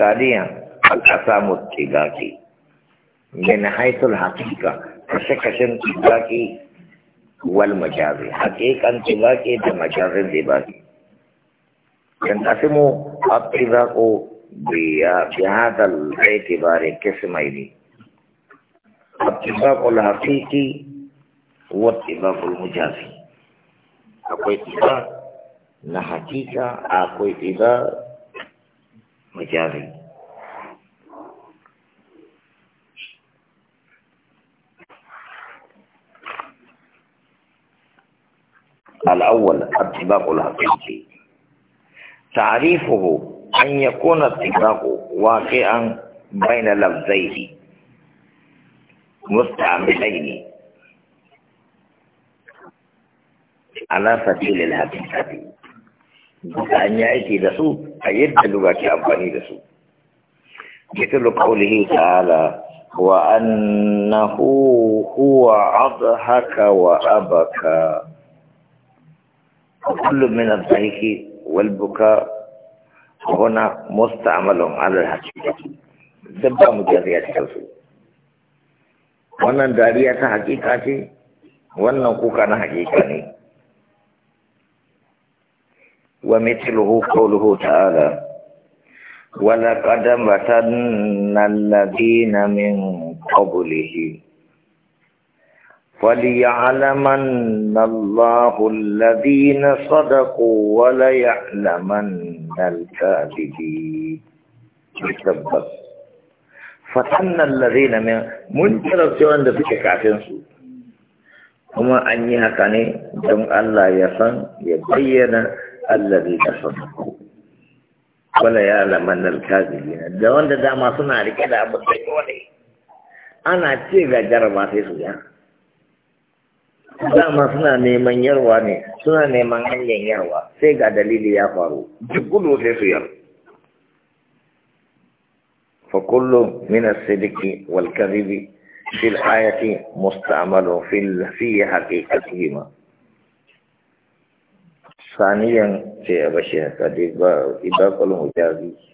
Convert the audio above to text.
sadia al asam tigaki min haythul haqiqa kashakashan tigaki wal majazi haqiqan tigaki de majazi de baki kan asimu atiza ko bi ya bihad al aitibar kismai ni atiza al haqiqi wa atiza al mujazi akwai tiba na hakika akwai tiba ka الأول الطباق الحقيقي تعريفه أن يكون الطباق واقعا بين لفظين مستعملين على سبيل الحقيقة أن يأتي دسوق a yadda luga ke amfani da su jikin lokaulihi ta'ala wa annahu huwa haka wa abaka kullum min azhaki wal buka huna musta'malun ala hakiki dabba mujarriya ta su wannan dariya ta hakika ce wannan kuka na hakika ne ومثله قوله تعالى ولقد فتن الذين من قبلهم فليعلمن الله الذين صدقوا وليعلمن الكاذبين تبت فتن الذين من منكر سوان da suke kafin su kuma an yi haka ne don Allah ya san ya bayyana allazi da sadaku wala ya laman alkazibin da wanda dama suna rike da abu sai dole ana ce ga jaraba su ya dama suna neman yarwa ne suna neman hanyar yarwa sai ga dalili ya faru duk gudu sai su yarwa فكل من الصدق والكذب في الآية مستعمل في في حقيقتهما ثانيا في بشر قد يبقى المجازي